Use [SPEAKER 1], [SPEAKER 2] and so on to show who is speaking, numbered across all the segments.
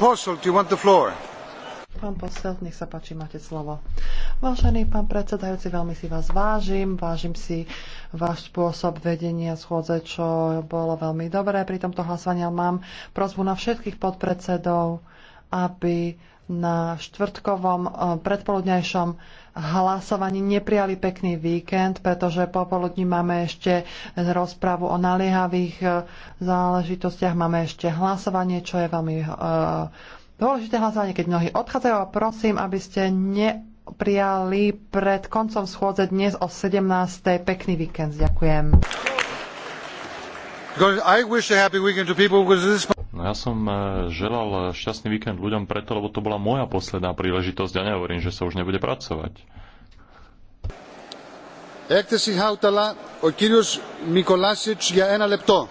[SPEAKER 1] Pán
[SPEAKER 2] posel, nech sa páči, máte slovo. Vážený pán predsedajúci, veľmi si vás vážim. Vážim si váš spôsob vedenia schôdze, čo bolo veľmi dobré. Pri tomto hlasovaní mám prozbu na všetkých podpredsedov aby na štvrtkovom eh, predpoludňajšom hlasovaní neprijali pekný víkend, pretože popoludní máme ešte rozpravu o naliehavých eh, záležitostiach, máme ešte hlasovanie, čo je veľmi eh, dôležité hlasovanie, keď mnohí odchádzajú a prosím, aby ste neprijali pred koncom schôdze dnes o 17. Pekný víkend. Ďakujem.
[SPEAKER 3] No ja som e, želal šťastný víkend ľuďom preto, lebo to bola moja posledná príležitosť a ja nehovorím, že sa už nebude pracovať. Έκθεση Χάουταλα, ο κύριος Μικολάσιτς για ένα λεπτό.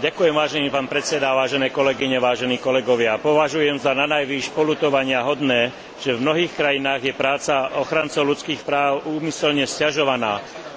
[SPEAKER 1] Ďakujem, vážený pán predseda, vážené kolegyne, vážení kolegovia. Považujem za na najvýš polutovania hodné, že v mnohých krajinách je práca ochrancov ľudských práv úmyselne sťažovaná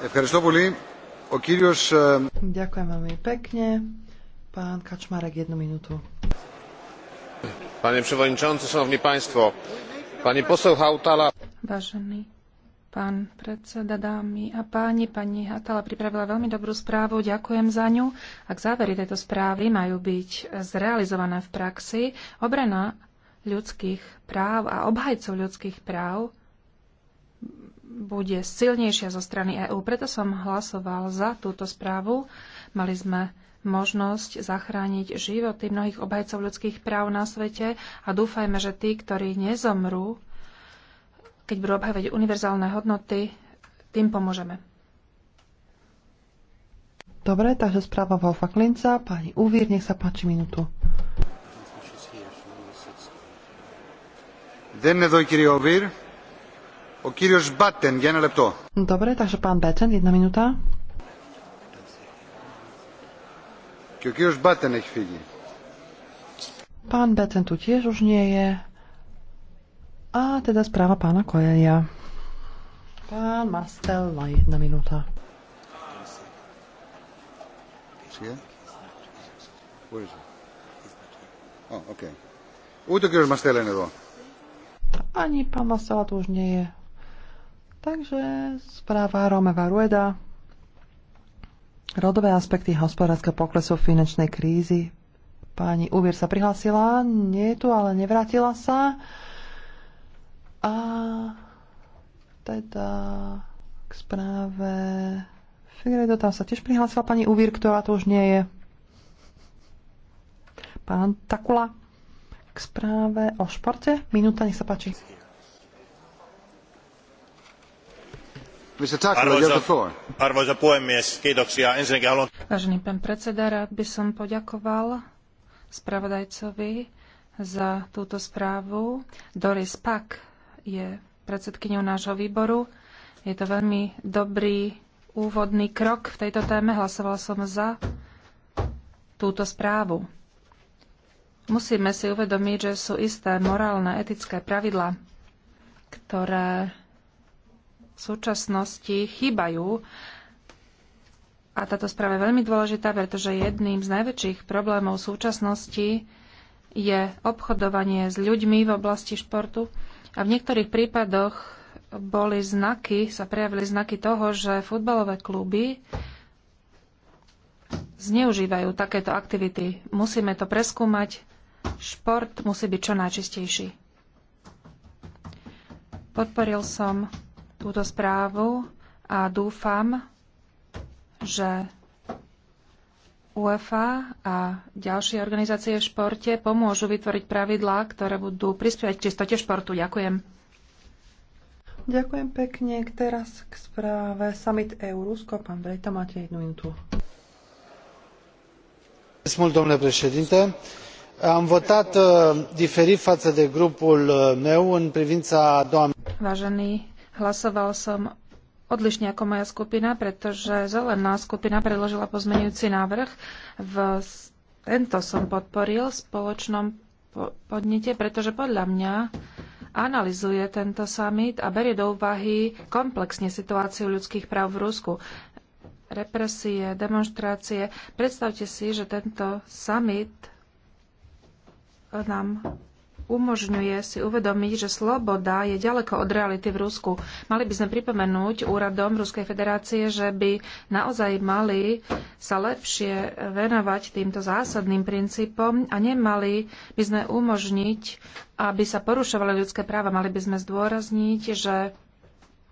[SPEAKER 1] Ďakujem
[SPEAKER 2] veľmi pekne. Pán Kačmarek, jednu minútu.
[SPEAKER 1] Panie przewodniczący, szanowni państwo, pani posel Hautala.
[SPEAKER 4] Vážený pán predseda, dámy a páni, pani Hatala pripravila veľmi dobrú správu, ďakujem za ňu. Ak závery tejto správy majú byť zrealizované v praxi, obrana ľudských práv a obhajcov ľudských práv bude silnejšia zo strany EÚ. Preto som hlasoval za túto správu. Mali sme možnosť zachrániť životy mnohých obhajcov ľudských práv na svete a dúfajme, že tí, ktorí nezomrú, keď budú obhajovať univerzálne hodnoty, tým pomôžeme.
[SPEAKER 2] Dobre, takže správa Wolfa Klinca. Pani Uvír, nech sa páči minútu.
[SPEAKER 3] Δεν εδώ kýri Uvír. Batten,
[SPEAKER 2] Dobre, takže pán Batten, jedna minúta. Pán Batten tu tiež už nie je. A teda správa pána Kojelia. Pán Mastel na jedna
[SPEAKER 3] minúta. Eh? Oh, okay. Ούτε ο κύριος Μαστέλα είναι εδώ.
[SPEAKER 2] Ani pán Masela tu už nie je. Takže správa Romeva Rueda. Rodové aspekty hospodárskeho poklesu finančnej krízy. Pani Uvier sa prihlásila, nie je tu, ale nevrátila sa. A teda k správe Figredo tam sa tiež prihlásila pani Uvír, ktorá to už nie je. Pán Takula k správe o športe. Minúta, nech
[SPEAKER 4] sa páči.
[SPEAKER 1] arvoisa puhemies
[SPEAKER 4] vážený pán predseda rád by som poďakoval spravodajcovi za túto správu. doris pack je predsedkyňou nášho výboru. je to veľmi dobrý úvodný krok v tejto téme. hlasovala som za túto správu. musíme si uvedomiť že sú isté morálne etické pravidlá ktoré súčasnosti chýbajú. A táto správa je veľmi dôležitá, pretože jedným z najväčších problémov súčasnosti je obchodovanie s ľuďmi v oblasti športu. A v niektorých prípadoch boli znaky, sa prejavili znaky toho, že futbalové kluby zneužívajú takéto aktivity. Musíme to preskúmať. Šport musí byť čo najčistejší. Podporil som túto správu a dúfam, že UEFA a ďalšie organizácie v športe pomôžu vytvoriť pravidlá, ktoré budú prispievať k čistote športu. Ďakujem.
[SPEAKER 2] Ďakujem pekne. Teraz k správe Summit Eurusko. Pán Brejta, máte jednu minútu. Am votat uh, diferit față de grupul uh, meu în privința doamnei.
[SPEAKER 4] Vážený Hlasoval som odlišne ako moja skupina, pretože zelená skupina predložila pozmenujúci návrh. V tento som podporil v spoločnom podnete, pretože podľa mňa analizuje tento summit a berie do úvahy komplexne situáciu ľudských práv v Rusku. Represie, demonstrácie. Predstavte si, že tento summit nám umožňuje si uvedomiť, že sloboda je ďaleko od reality v Rusku. Mali by sme pripomenúť úradom Ruskej federácie, že by naozaj mali sa lepšie venovať týmto zásadným princípom a nemali by sme umožniť, aby sa porušovali ľudské práva. Mali by sme zdôrazniť, že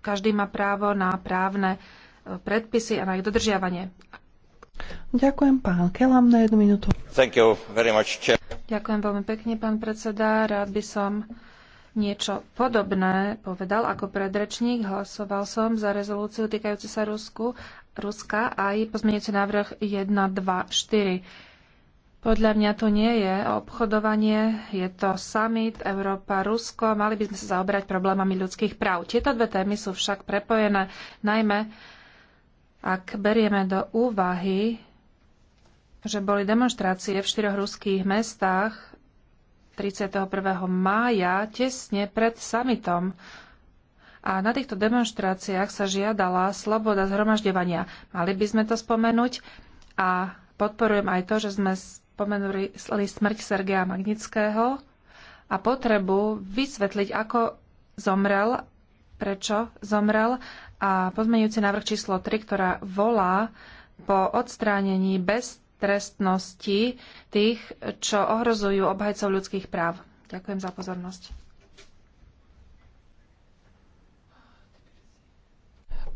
[SPEAKER 4] každý má právo na právne e, predpisy a na ich dodržiavanie. Ďakujem
[SPEAKER 2] pán Kelam na jednu minútu.
[SPEAKER 4] Ďakujem veľmi pekne, pán predseda. Rád by som niečo podobné povedal ako predrečník. Hlasoval som za rezolúciu týkajúcu sa Rusku, Ruska aj pozmeňujúci návrh 1, 2, 4. Podľa mňa to nie je obchodovanie, je to summit Európa-Rusko. Mali by sme sa zaoberať problémami ľudských práv. Tieto dve témy sú však prepojené, najmä ak berieme do úvahy že boli demonstrácie v štyroch ruských mestách 31. mája, tesne pred samitom. A na týchto demonstráciách sa žiadala sloboda zhromažďovania. Mali by sme to spomenúť a podporujem aj to, že sme spomenuli smrť Sergeja Magnického a potrebu vysvetliť, ako zomrel, prečo zomrel a pozmeňujúci návrh číslo 3, ktorá volá po odstránení bez trestnosti tých, čo ohrozujú obhajcov ľudských práv. Ďakujem za pozornosť.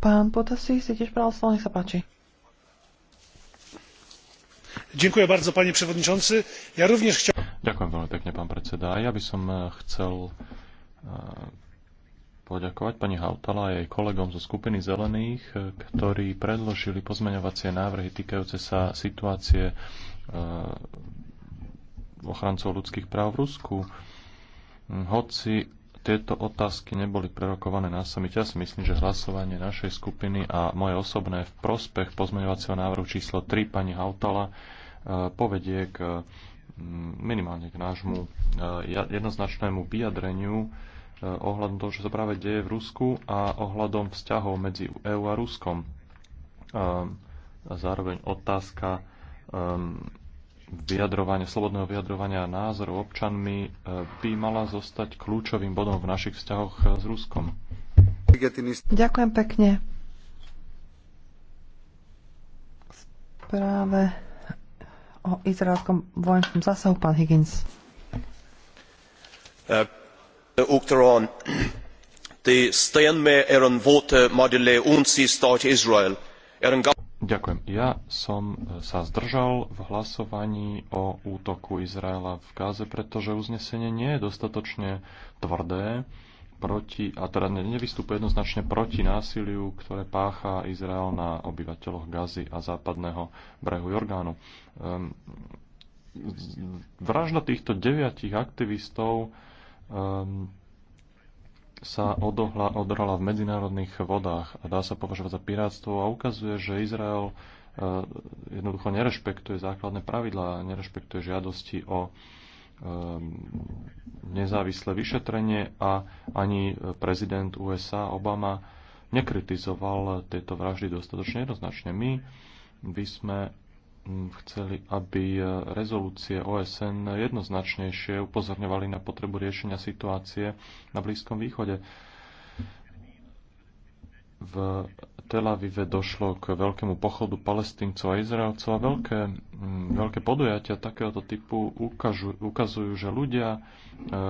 [SPEAKER 2] Pán Potasí, si tiež bral slovo, nech sa páči.
[SPEAKER 1] Ďakujem bardzo, pani
[SPEAKER 3] przewodniczący. Ja również chciałem... Ďakujem veľmi pekne, pán predseda. Ja by som e, chcel e, poďakovať pani Hautala a jej kolegom zo skupiny zelených, eh, ktorí predložili pozmeňovacie návrhy týkajúce sa situácie eh, ochrancov ľudských práv v Rusku. Mm, hoci tieto otázky neboli prerokované na samite. Ja si myslím, že hlasovanie našej skupiny a moje osobné v prospech pozmeňovacieho návrhu číslo 3 pani Hautala eh, povedie k mm, minimálne k nášmu jednoznačnému vyjadreniu Eh, ohľadom toho, čo sa práve deje v Rusku a ohľadom vzťahov medzi EÚ a Ruskom. Eh, a zároveň otázka ehm, vyjadrovania, slobodného vyjadrovania názorov občanmi eh, by mala zostať kľúčovým bodom v našich vzťahoch s Ruskom.
[SPEAKER 2] Ďakujem pekne. Práve o izraelskom vojenskom zásahu, pán Higgins
[SPEAKER 3] uachtaráin de staonmé ar er an bhóta eh, maidir le únsaí stáit Israel ar er an Ďakujem. Ja som eh, sa zdržal v hlasovaní o útoku Izraela v Gáze, pretože uznesenie nie je dostatočne tvrdé proti, a teda nevystupuje jednoznačne proti násiliu, ktoré pácha Izrael na obyvateľoch Gazy a západného brehu Jordánu. Ehm, vražda týchto deviatich aktivistov um, sa odohla, odhrala v medzinárodných vodách a dá sa považovať za pirátstvo a ukazuje, že Izrael uh, jednoducho nerešpektuje základné pravidlá, nerešpektuje žiadosti o um, nezávislé vyšetrenie a ani prezident USA Obama nekritizoval tieto vraždy dostatočne jednoznačne. My by sme Mm, chceli, aby e, rezolúcie OSN jednoznačnejšie upozorňovali na potrebu riešenia situácie na Blízkom východe. V Tel Avive došlo k veľkému pochodu palestíncov a izraelcov a veľké, mm, veľké podujatia takéhoto typu ukážu, ukazujú, že ľudia, e,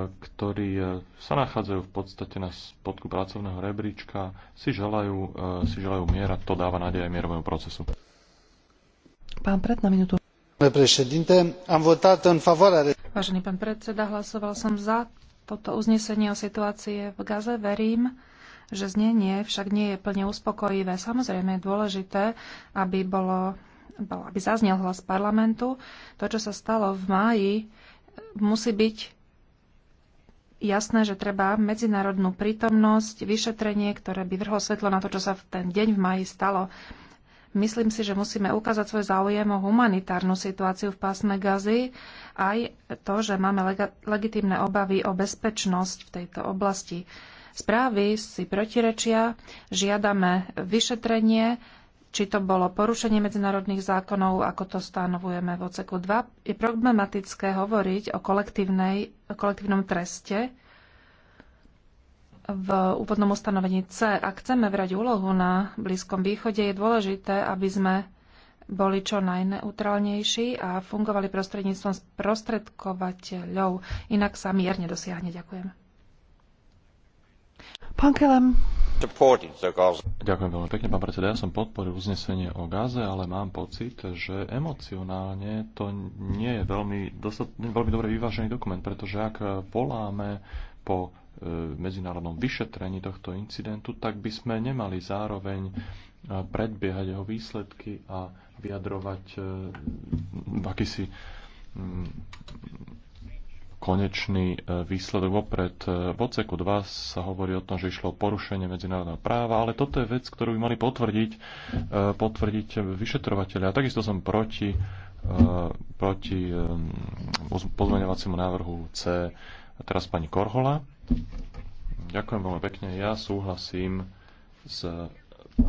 [SPEAKER 3] ktorí e, sa nachádzajú v podstate na spodku pracovného rebríčka, si želajú, si želajú miera. To dáva nádej aj mierovému procesu.
[SPEAKER 4] Vážený pán predseda, hlasoval som za toto uznesenie o situácie v Gaze. Verím, že znenie však nie je plne uspokojivé. Samozrejme je dôležité, aby, bolo, aby zaznel hlas parlamentu. To, čo sa stalo v máji, musí byť jasné, že treba medzinárodnú prítomnosť, vyšetrenie, ktoré by vrhlo svetlo na to, čo sa v ten deň v máji stalo. Myslím si, že musíme ukázať svoj záujem o humanitárnu situáciu v pásme Gazy, aj to, že máme lega- legitimné obavy o bezpečnosť v tejto oblasti. Správy si protirečia, žiadame vyšetrenie, či to bolo porušenie medzinárodných zákonov, ako to stanovujeme v oceku 2. Je problematické hovoriť o kolektívnej, o kolektívnom treste, v úvodnom ustanovení C. Ak chceme vrať úlohu na Blízkom východe, je dôležité, aby sme boli čo najneutrálnejší a fungovali prostredníctvom prostredkovateľov. Inak sa mierne dosiahne Ďakujem.
[SPEAKER 2] Pán Kelem.
[SPEAKER 3] Ďakujem veľmi pekne, pán predseda. Ja som podporil uznesenie o Gaze, ale mám pocit, že emocionálne to nie je veľmi, dosť, veľmi dobre vyvážený dokument, pretože ak voláme po v medzinárodnom vyšetrení tohto incidentu, tak by sme nemali zároveň e, predbiehať jeho výsledky a vyjadrovať e, mm, e, v akýsi konečný výsledok opred. V oceku 2 sa hovorí o tom, že išlo o porušenie medzinárodného práva, ale toto je vec, ktorú by mali potvrdiť, potvrdiť vyšetrovateľe. A takisto som proti, proti pozmeňovaciemu návrhu C. teraz pani Korhola. Ďakujem veľmi pekne. Ja súhlasím s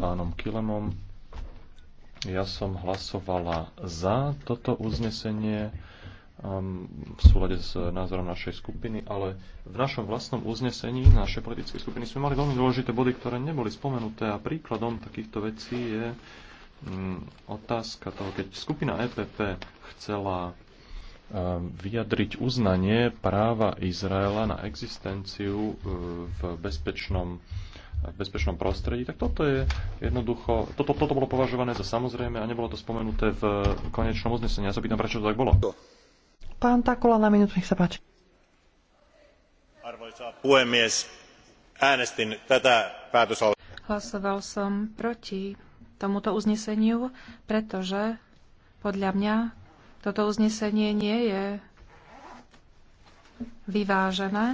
[SPEAKER 3] pánom Kilemom. Ja som hlasovala za toto uznesenie um, v súlade s názorom našej skupiny, ale v našom vlastnom uznesení našej politickej skupiny sme mali veľmi dôležité body, ktoré neboli spomenuté a príkladom takýchto vecí je um, otázka toho, keď skupina EPP chcela Ehm, vyjadriť uznanie práva Izraela na existenciu eh, v bezpečnom, eh, v bezpečnom prostredí, tak toto je jednoducho, toto, toto bolo považované za samozrejme a nebolo to spomenuté v konečnom uznesení. Ja sa pýtam, prečo to tak bolo.
[SPEAKER 2] Pán Takula, na minútu, nech sa páči.
[SPEAKER 1] Arvoisa puhemies, äänestin tätä päätösal...
[SPEAKER 4] Hlasoval som proti tomuto uzneseniu, pretože podľa mňa toto uznesenie nie je vyvážené,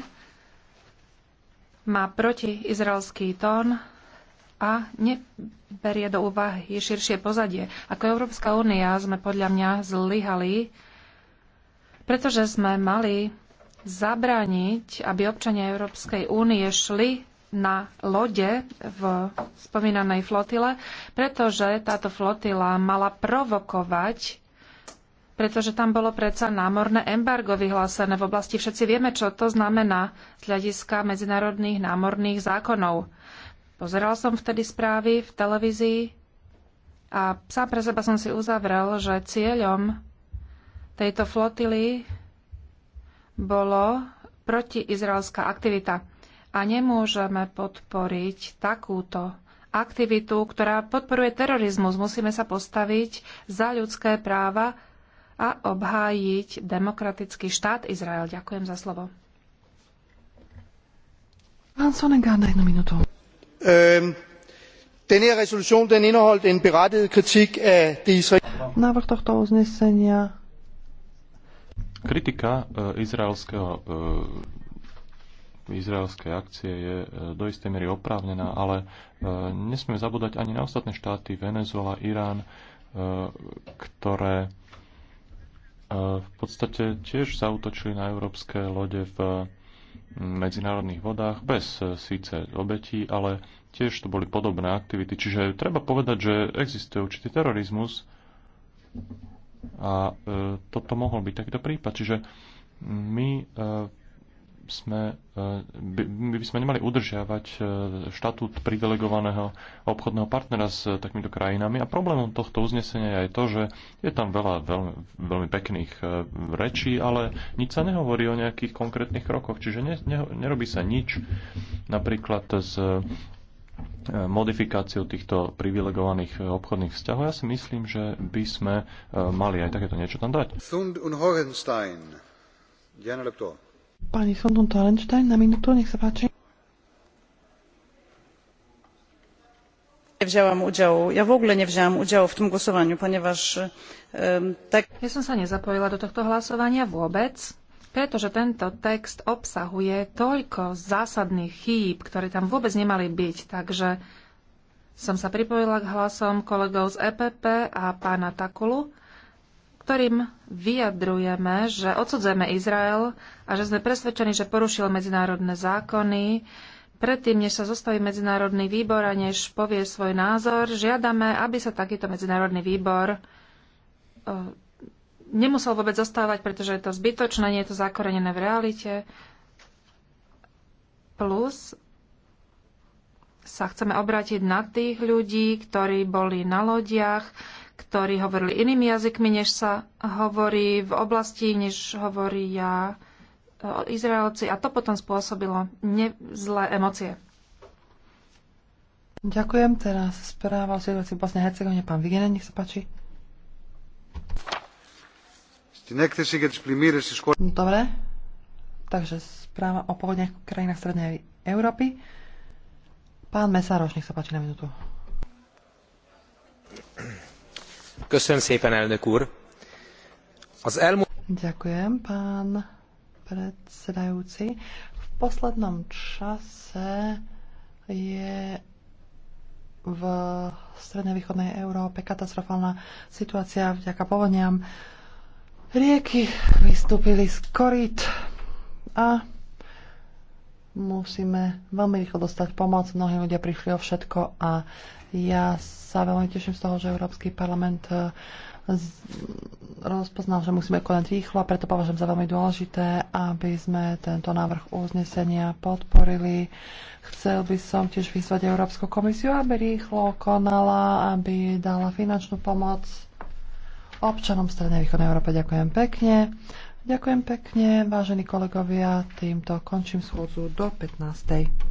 [SPEAKER 4] má protiizraelský tón a neberie do úvahy širšie pozadie. Ako Európska únia sme podľa mňa zlyhali, pretože sme mali zabrániť, aby občania Európskej únie šli na lode v spomínanej flotile, pretože táto flotila mala provokovať pretože tam bolo predsa námorné embargo vyhlásené v oblasti. Všetci vieme, čo to znamená z hľadiska medzinárodných námorných zákonov. Pozeral som vtedy správy v televízii a sám pre seba som si uzavrel, že cieľom tejto flotily bolo protiizraelská aktivita. A nemôžeme podporiť takúto aktivitu, ktorá podporuje terorizmus. Musíme sa postaviť za ľudské práva a obhájiť demokratický štát Izrael. Ďakujem za slovo.
[SPEAKER 2] Pán jednu Um, Návrh tohto uznesenia
[SPEAKER 3] Kritika uh, izraelského uh, akcie je eh, do istej miery oprávnená, ale nesmieme zabúdať ani na ostatné štáty, Venezuela, Irán, ktoré v podstate tiež zautočili na európske lode v mm, medzinárodných vodách bez e, síce obetí, ale tiež to boli podobné aktivity. Čiže treba povedať, že existuje určitý terorizmus a e, toto mohol byť takýto prípad. Čiže my e, sme, e, by, by sme nemali udržiavať e, štatút privilegovaného obchodného partnera s e, takýmito krajinami. A problémom tohto uznesenia je aj to, že je tam veľa veľmi, veľmi pekných rečí, ale nič sa nehovorí o nejakých konkrétnych krokoch. Čiže ne, ne, nerobí sa nič napríklad s modifikáciu týchto privilegovaných obchodných vzťahov. Ja si myslím, že by sme mali aj takéto niečo tam dať. Sund und
[SPEAKER 1] Hohenstein. Diana Leptor.
[SPEAKER 2] Pani Sondon Torenstein, na minútu, nech sa páči.
[SPEAKER 1] wzięłam udział. ja v
[SPEAKER 4] ogóle nie udział v tom tym głosowaniu ponieważ um, ehm, tak Ja som sa nezapojila do tohto hlasovania vôbec, pretože tento text obsahuje toľko zásadných chýb, ktoré tam vôbec nemali byť, takže som sa pripojila k hlasom kolegov z EPP a pána Takulu ktorým vyjadrujeme, že odsudzujeme Izrael a že sme presvedčení, že porušil medzinárodné zákony. Predtým, než sa zostaví medzinárodný výbor a než povie svoj názor, žiadame, aby sa takýto medzinárodný výbor e, nemusel vôbec zostávať, pretože je to zbytočné, nie je to zakorenené v realite. Plus sa chceme obrátiť na tých ľudí, ktorí boli na lodiach, ktorí hovorili inými jazykmi, než sa hovorí v oblasti, než hovorí ja e, Izraelci a to potom spôsobilo zlé emócie.
[SPEAKER 2] Ďakujem. Teraz správa o situácii v Bosne Hercegovine. Pán Vigenen, nech sa páči. Dobre. Takže správa o povodniach krajinách Strednej Európy. Pán Mesároš, nech sa páči na minútu. Ďakujem, pán predsedajúci. V poslednom čase je v strednej východnej Európe katastrofálna situácia vďaka povodňam. Rieky vystúpili z korít a musíme veľmi rýchlo dostať pomoc. Mnohí ľudia prišli o všetko a ja sa veľmi teším z toho, že Európsky parlament e, rozpoznal, že musíme konať rýchlo a preto považujem za veľmi dôležité, aby sme tento návrh uznesenia podporili. Chcel by som tiež vyzvať Európsku komisiu, aby rýchlo konala, aby dala finančnú pomoc občanom Strednej východnej Európe. Ďakujem pekne. Ďakujem pekne, vážení kolegovia. Týmto končím schôdzu do 15.